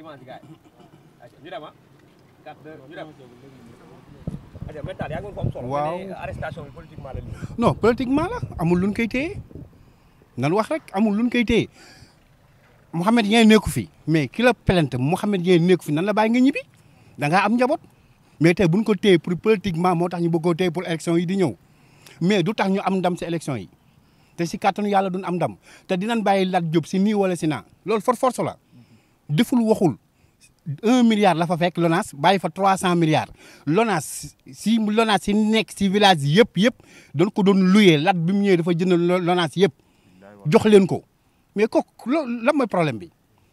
image gars yi ñu dem ah ñu dem waaw arrestation bi politiquement la amul luñ koy téye nan wax rek amul luñ koy téye Mouhamed Dieng nekku fi mais ki la plainte Mouhamed Dieng nekku fi nan la bàyyi nga ñibbi da ngaa am njaboot mais tey buñ ko téye pour politiquement moo tax ñu bëggoo téye pour élection yi di ñëw mais du tax ñu am ndam si élection yi te si kàttanu yàlla duñ am ndam te dinañ bàyyi Lat Diop si nii wala si naa loolu for force la deful waxul un milliard la fa fekk LONASE bàyyi fa trois cent milliards LONASE si LONASE si nekk si village yëpp yëpp doon ko doon luyee lat bi mu ñëwee dafa jënd LONASE yëpp jox leen ko mais kooku la lan mooy problème bi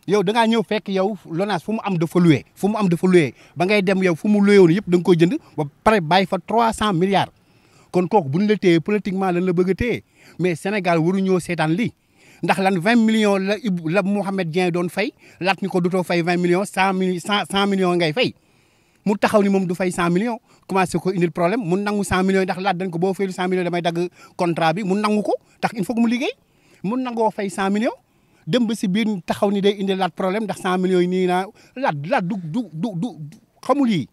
yow da ngaa ñëw fekk yow LONASE fu mu am dafa luyee fu mu am dafa luyee ba ngay dem yow fu mu luyee woon yëpp da nga koy jënd ba pare bàyyi fa trois cent milliards kon kooku bu ñu la téye politiquement la bëgg a téye mais Sénégal waruñoo seetaan lii ndax lan million millions la Ibou la Mouhamed Dieng doon fay laat ñu ko dutoo fay vingt millions cent mille cent millions ngay fay mu taxaw ni moom du fay cent millions commencé ko indil problème mu nangu cent millions ndax laat dañ ko boo faylu cent millions damay dagg contrat bi mu nangu ko ndax il faut mu liggéey mu nangoo fay cent millions dem ba si biir taxaw ni day indil laat problème ndax cent millions yi nii naa laat laat du du du du xamul lii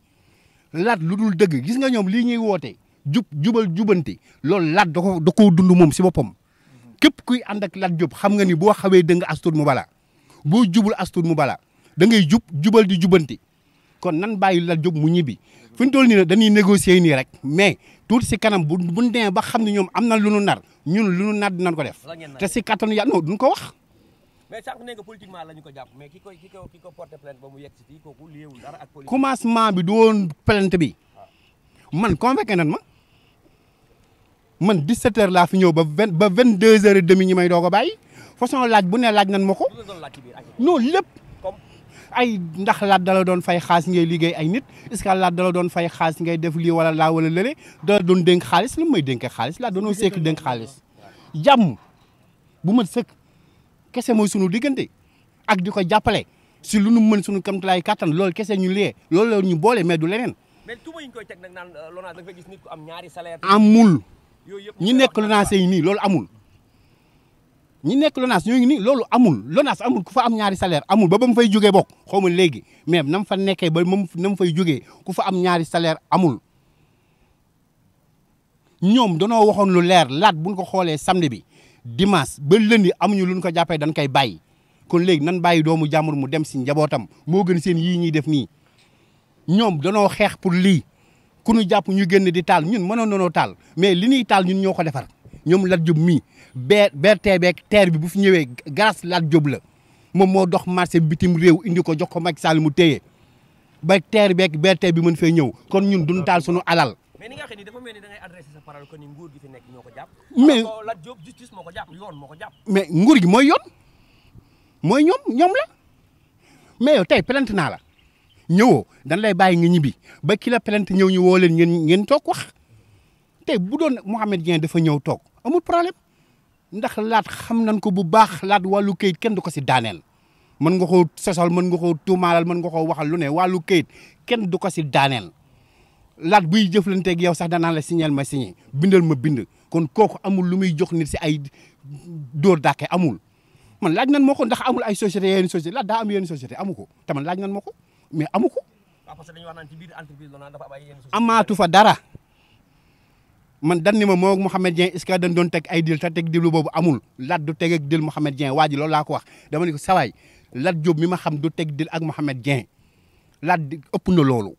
laat lu dul dëgg gis nga ñoom lii ñuy woote jub jubal jubante loolu laat da ko da koo dund moom si boppam képp kuy ànd ak Lat Diop xam nga ni boo xawee dëng astur mu bala boo jubul astur mu bala da ngay jub jubal di jubanti kon nan bàyyi Lat Diop mu ñibbi fi ñu toll nii nag dañuy négocier nii rek mais tuuti si kanam bu bu demee ba xam ne ñoom am na lu nu nar ñun lu nu nar dinañ ko def te si kattanu yàlla non duñ ko wax mais sànq nee nga politiquement la ñu ko jàpp mais ki koy ki ko ki ko porté plainte ba mu yegg si fii kooku liéewul dara ak politique commencement bi doon plainte bi ah. man convaincu ma man 17 heures laa fi ñëw ba vingt ba 22 heures et demi ñu may doog a bàyyi façon laaj bu ne laaj nan ma ko non lépp ay ndax laa dala doon fay xaalis ngay liggéey ay nit est-ce que laat dala doon fay xaalis ngay def lii wala laa wala lële dala doon dénk xaalis lu may dénk xaalis laa doonoo sekk dénk xaalis jàmm bu mën sëkk kese mooy sunu diggante ak di ko jàppale si lu nu mën sunu kamtalaay kàttan lool kese ñu liyee loolu la ñu boole mais du leneen. mais tuuma yi teg nag naan euh, Lonase da nga gis nit ku am ñaari salaire. amul. ñi nekk LONASE yi nii loolu amul ñi nekk LONASE ñoo ngi nii loolu amul LONASE amul ku fa am ñaari salaire amul ba ba mu fay jógee bokk xaw ma léegi mais nam mu fa nekkee ba na mu fay jóge ku fa am ñaari salaire amul ñoom danoo waxoon lu leer bu buñ ko xoolee samedi bi dimanche ba lundi amuñu luñ ko jàppee dañ koy bàyyi kon léegi nan bàyyi doomu jàmbur mu dem si njabootam moo gën seen yii ñuy def nii ñoom danoo xeex pour lii ku nu jàpp ñu génn di taal ñun mënoon nanoo taal mais li ñuy taal ñun ñoo ko defar ñoom Lat Diop mii bee berte beeg terre bi bu fi ñëwee grâce Lat Diop la moom moo dox marché bitim réew indi ko jox ko Macky Sall mu téye ba teer beeg berte bi mën fee ñëw kon ñun duñ taal suñu alal. mais ni nga xam dafa mel ni da ngay adressé sa parole que ni nguur gi ñoo ko jàpp. mais Lat Diop justice moo ko jàpp yoon moo ko jàpp. mais nguur gi mooy yoon mooy ñoom ñoom la mais yow tey plainte naa la. ñëwoo dañ lay bàyyi nga ñibbi ba ki la ñëw ñu woo leen ngeen ngeen toog wax tey bu doon Mouhamed Dieng dafa ñëw toog amul problème ndax laat xam nañ ko bu baax laat wàllu kayit kenn du ko si daaneel mën nga koo sosal mën nga koo tuumaalal mën nga koo waxal lu ne wàllu kayit kenn du ko si daaneel laat buy jëflanteeg yow sax danaan la signal ma signé bindal ma bind kon kooku amul lu muy jox nit si ay dóor dàkke amul man laaj nan moo ko ndax amul ay société yenn société laat daa am yenn société amu ko te man laaj nan moo ko mais amu ko. Ah, parce que dañu wax naan ci biir entreprise la dafa am ay amaatu fa dara man dan ni ma moo Mouhamed Dieng est-ce que dañ doon teg ay dil te teg dilu boobu amul Lat du teg ak dil Mouhamed Dieng waa ji loolu laa ko wax dama ne ko sawaay Lat Diop mi ma xam du teg dil ak Mouhamed Dieng Lat ëpp na loolu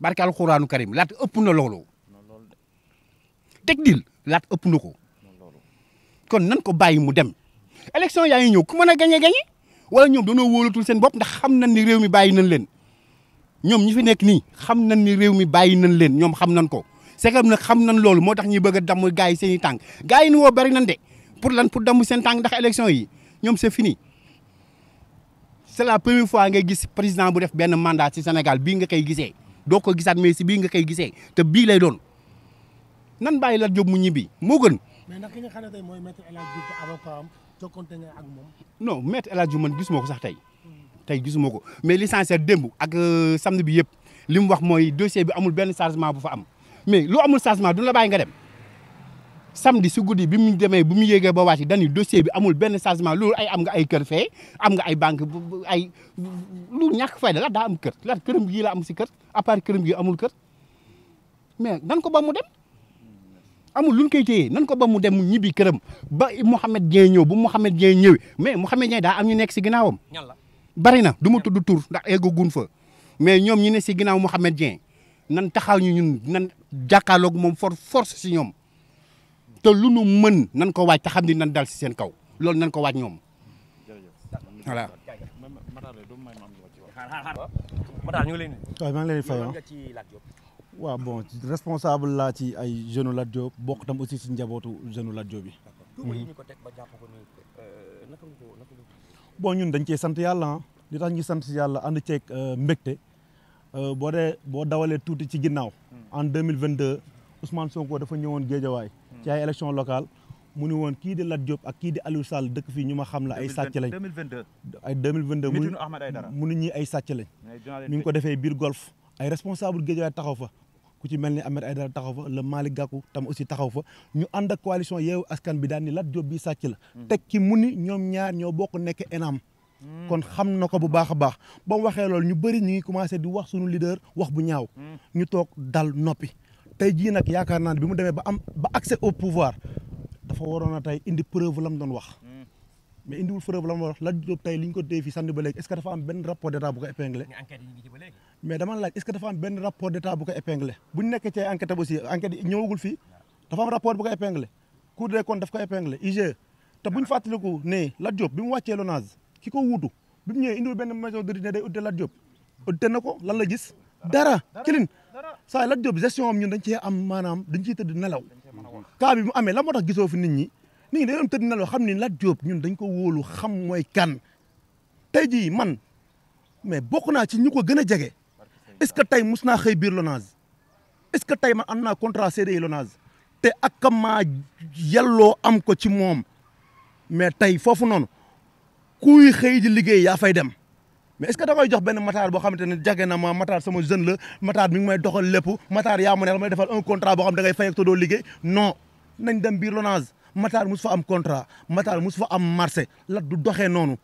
barke alxuraanu karim Lat ëpp na loolu teg dil Lat ëpp na ko kon nan ko bàyyi mu dem élection yaa ngi ñëw ku mën a gañe gañe wala ñoom dañoo wóolatul seen bopp ndax xam nañ ni réew mi bàyyi nañ leen ñoom ñi fi nekk nii xam nañ ni réew mi bàyyi nañ leen ñoom xam nañ ko se segam nag xam nañ loolu moo tax ñuy bëgg a damm gars yi seen tànk gars yi ni woo bari nañ de pour lan pour damu seen tànk ndax élection yi ñoom c'est fini c'est la première fois ngay gis président bu def benn mandat ci Sénégal bii nga koy gisee doo ko gisaat mais si bii nga koy gisee te bii lay doon nan bàyyi la job mu ñibbi moo gën. mais nag ki nga xam ne mooy maître El Hadj jokkonte nga ak moom. non maître El Hadj man gisuma ko sax tey tey gisuma ko mais l'essentiel démb ak euh, samedi bi yëpp li mu wax mooy dossier bi amul benn changement bu fa am mais lu amul changement du la bàyyi nga dem samedi si guddi bi mu demee bu mu yéegee ba wàcc dañuy dossier bi amul benn changement loolu ay am nga ay kër fee am nga ay banque ay lu ñàkk fayda la daa am kër la këram gii la am si kër à part këram gi amul kër mais nan ko ba mu dem. amul lu ñu koy téye nan ko ba mu dem mu ñibbi këram ba Mouhamed Dieng ñëw bu Mouhamed Dieng ñëwee mais Mouhamed Dieng daa am ñu nekk si ginnaawam. bari na du ma tudd tur ndax eggaguñ fa mais ñoom ñu ne si ginnaaw Mouhamed Dieng nan taxaw ñu ñun nan jàkkaarloog moom for force si ñoom te lu nu mën nan ko waaj te xam ni nan dal si seen kaw loolu nan ko waaj ñoom voilà. waaw maa ngi ah. lay fay waaw bon responsable laa ci ay jeune Lat Diop bokk tam aussi si njabootu jeune Lat Diop bi. bon ñun dañ cee sant yàlla ah. li tax ñu sant yàlla ànd ceeg euh, mbégte euh, boo dee boo dawalee tuuti ci ginnaaw. Hmm. en deux mille vingt deux Ousmane Sonko dafa ñëwoon Géejawaay. Hmm. ci ay élection local mu ni woon kii di Lat ak kii di Aliou Sall dëkk fii ñu ma xam la ay sàcc lañ. deux mille vingt deux ay deux mille vingt deux mu ni ñu ay sàcc lañ. mi ngi ko defee biir golf ay responsable Géejawaay taxaw fa ku ci mel ni Ahmed Aïdara taxaw fa le Malick Gakou tam aussi taxaw fa ñu ànd ak coalition yeewu askan bi daan ni Lat Diop bi sàcc la hmm. teg ci mu ni ñoom ñaar ñoo bokk nekk enam hmm. kon xam na ko bu baax a baax ba mu waxee loolu ñu bëri ñu ngi commencé di wax suñu leader wax bu ñaaw hmm. ñu toog dal noppi tey jii nag yaakaar naa ne bi mu demee ba am ba accès au pouvoir dafa waroon a tey indi preuve la doon wax mais indiwul preuve la mu doon wax Lat Diop tey li mais dama laaj est-ce que dafa am benn rapport d'état bu ko épinglé bu ñu nekkee ci ay enquête aussi enquête yi ñëwagul fii dafa am rapport bu ko épinglé Cour des daf ko épinglé IGE te bu ñu fàttaliku ne Lat Diop bi mu wàccee LONASE ki ko wuutu bi mu ñëwee indiwul benn maison d'audit ne day audité Lat Diop audité na ko lan la gis dara kilin saa Lat Diop gestion am ñun dañ cee am maanaam dañ ciy tëdd nelaw cas bi mu amee la moo tax gisoo fi nit ñi nit ñi dañoo tëdd nelaw xam ni Lat Diop ñun dañ ko wóolu xam mooy kan tey jii man mais bokk naa ci ñu ko gën a jege est-ce que tey mus naa xëy biir Lonase est-ce que tey man am naa contrat CDI Lonase te ak maa yelloo am ko ci moom mais tey foofu noonu kuy xëy di liggéey yaa fay dem mais est-ce que da ngay jox benn Matar boo xamante ne jage na ma Matar sama jeune la Matar mi ngi may doxal lépp Matar yaa ma neex may defal un contrat boo xam da ngay fay ak te doo liggéey non nañ dem biir Lonase Matar mus fa am contrat Matar mus fa am marché lat du doxee noonu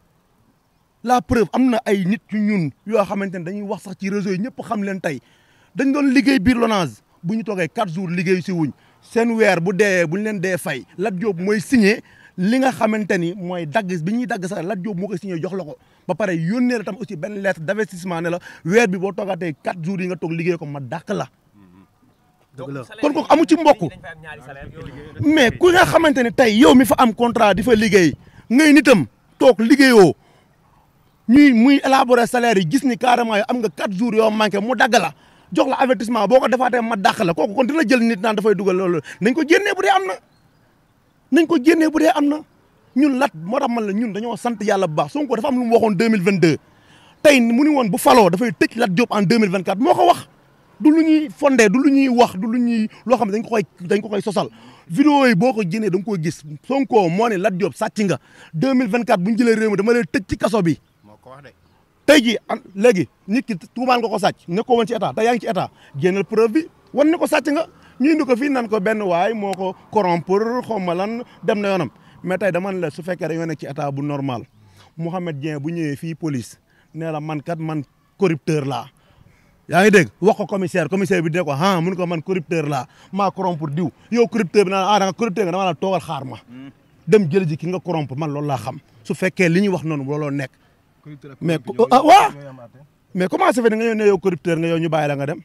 la preuve am na ay nit yu ñun yoo xamante ne dañuy wax sax ci réseau yi ñëpp xam leen tey dañ doon liggéey biir Lonase bu ñu toogee quatre jour liggéey si wuñ seen weer bu dee bu ñu leen dee fay Lat Diop mooy signé li nga xamante ni mooy dagg bi ñuy dagg sax Lat joob moo koy signé jox la ko ba pare yónnee la tam aussi benn lettre d'investissement ne la weer bi boo toogaatee quatre jours yi nga toog liggéey ko ma dàq la kon ko amu ci mbokk mais ku nga xamante ne tey yow mi fa am contrat di fa liggéey ngay nitam toog liggéeyoo ñuy muy élaborer salaire gis ni carrément yow am nga quatre jours yoo manqué mu dagg la jox boo ko defaatee ma dàq ko kooku kon dina jël nit naan dafay dugal ko génnee bu dee am ko génnee bu dee am na ñun lat moo tax man dañoo sant yàlla bu baax Sonko dafa am lu mu waxoon deux mille vingt deux tey mu ni woon bu faloo dafay tëj Lat Diop en deux mille vingt quatre moo ko wax du lu ñuy fondé du lu ñuy wax du lu ñuy loo xam ne ko koy dañ ko koy sosal vidéo yi boo ko génnee da koy gis Sonko moo ne Lat Diop sàcc nga deux mille vingt quatre bu ñu jëlee réew mi dama lay ci kaso bi tey jii an léegi nit ki tuumaal nga ko sàcc ne ko woon ta état te yaa ngi ci état génnal preuve bi ko sàcc nga ñu indi ko fii nan ko benn waaye moo ko corrompre xaw ma lan dem na yoonam mais tey dama ne la su fekkee dañoo nekk ci état bu normal Mouhamed Dieng bu ñëwee fii police nee la man kat man corrupteur laa. yaa ngi dégg wax ko commissaire commissaire bi dina ko ah mun ko man corrupteur la ma corrompre diw yow corrupteur bi na ah da nga corrupteur nga dama la toogal xaar ma. Hmm. dem jël ji ki nga man loolu laa xam su fekkee li ñuy wax noonu looloo nekk. mais ah waaw mais comment ça fait nga yow ne yow corrupteur nga yow ñu la nga dem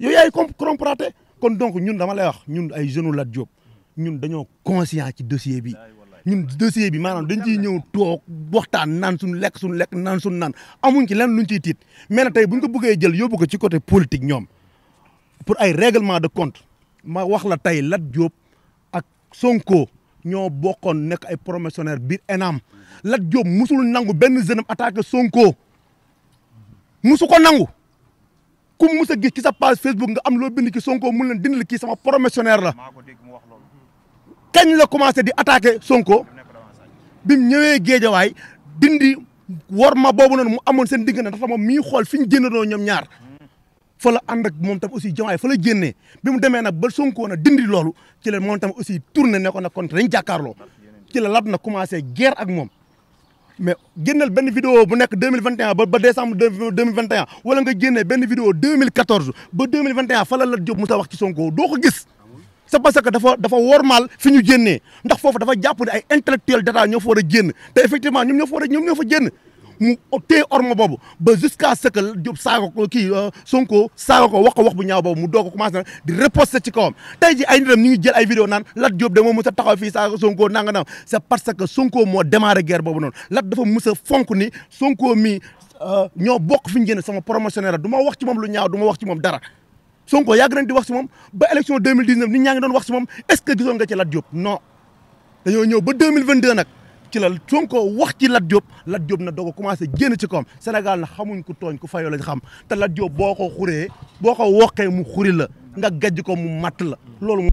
yow yaay comprendre kon donc ñun dama lay wax ñun ay jeunes Lat joob ñun dañoo conscient ci dossier bi ñun dossier bi maanaam dañ ciy ñëw toog waxtaan naan suñu lekk suñu lekk naan suñu naan amuñ ci lenn luñ ciy tiit mais nag bu buñ ko bëggee jël yóbbu ko ci côté politique ñoom pour ay règlement de compte ma wax la tey Lat Diop ak Sonko. ñoo bokkoon nekk ay promotionnaire biir ENAM Lat Diop musul nangu benn jeune attaqué sonkoo musu ko nangu ku mus a gis ci sa page Facebook nga am loo bind ci Sonko mun leen dindal kii sama promotionnaire la kañ la commencé di attaqué Sonko bi mu ñëwee géejawaay dindi war ma boobu noonu mu amoon seen diggante dafa moom mi ngi xool fi ñu jëndoo ñoom ñaar fa la ànd ak moom tam aussi jamaay fa la génnee bi mu demee nag ba Sonko na dindi loolu ci la moom tam aussi tourné ne ko nag kon dañ jàkkaarloo ci la lab na commencé ak moom mais génneel benn vidéo bu nekk deux mille vingt et un ba ba décembre deux mille vingt et un fa la Lat musa wax ci Sonko gis c'est parce dafa dafa wormaal fi ñu génnee ndax foofu dafa jàpp ne ay intellectuel d'état ñoo fa war a effectivement ñoo fa a ñoom ñoo fa génn mu téye orma boobu ba jusqu'à ce que Diop saaga ko kii euh, Sonko saaga ko wax ko bu ñaaw boobu mu doog a commencé nag di riposter ci kawam tey ji ay nitam ñu ngi jël ay vidéo naan Lat Diop da moo mës a taxaw fii saaga Sonko nanga na c'est parce que Sonko moo démarré guerre boobu noonu Lat dafa mës a fonk ni Sonko mii euh, ñoo bokk fi ñu génn sama promotionnaire du ma wax ci moom lu ñaaw du ma wax ci moom dara Sonko yàgg nañ di wax ci ba élection 2019 nit ñaa ngi doon wax ci moom est-ce que gisoon nga ci ci la Sonko wax ci Lat Diop Lat Diop na doog a commencé génn ci kawam Sénégal na xamuñ ku tooñ ku fayoo lañ xam te Lat Diop boo ko xuree boo ko wokkee mu xuri la nga gajj ko mu matt la loolu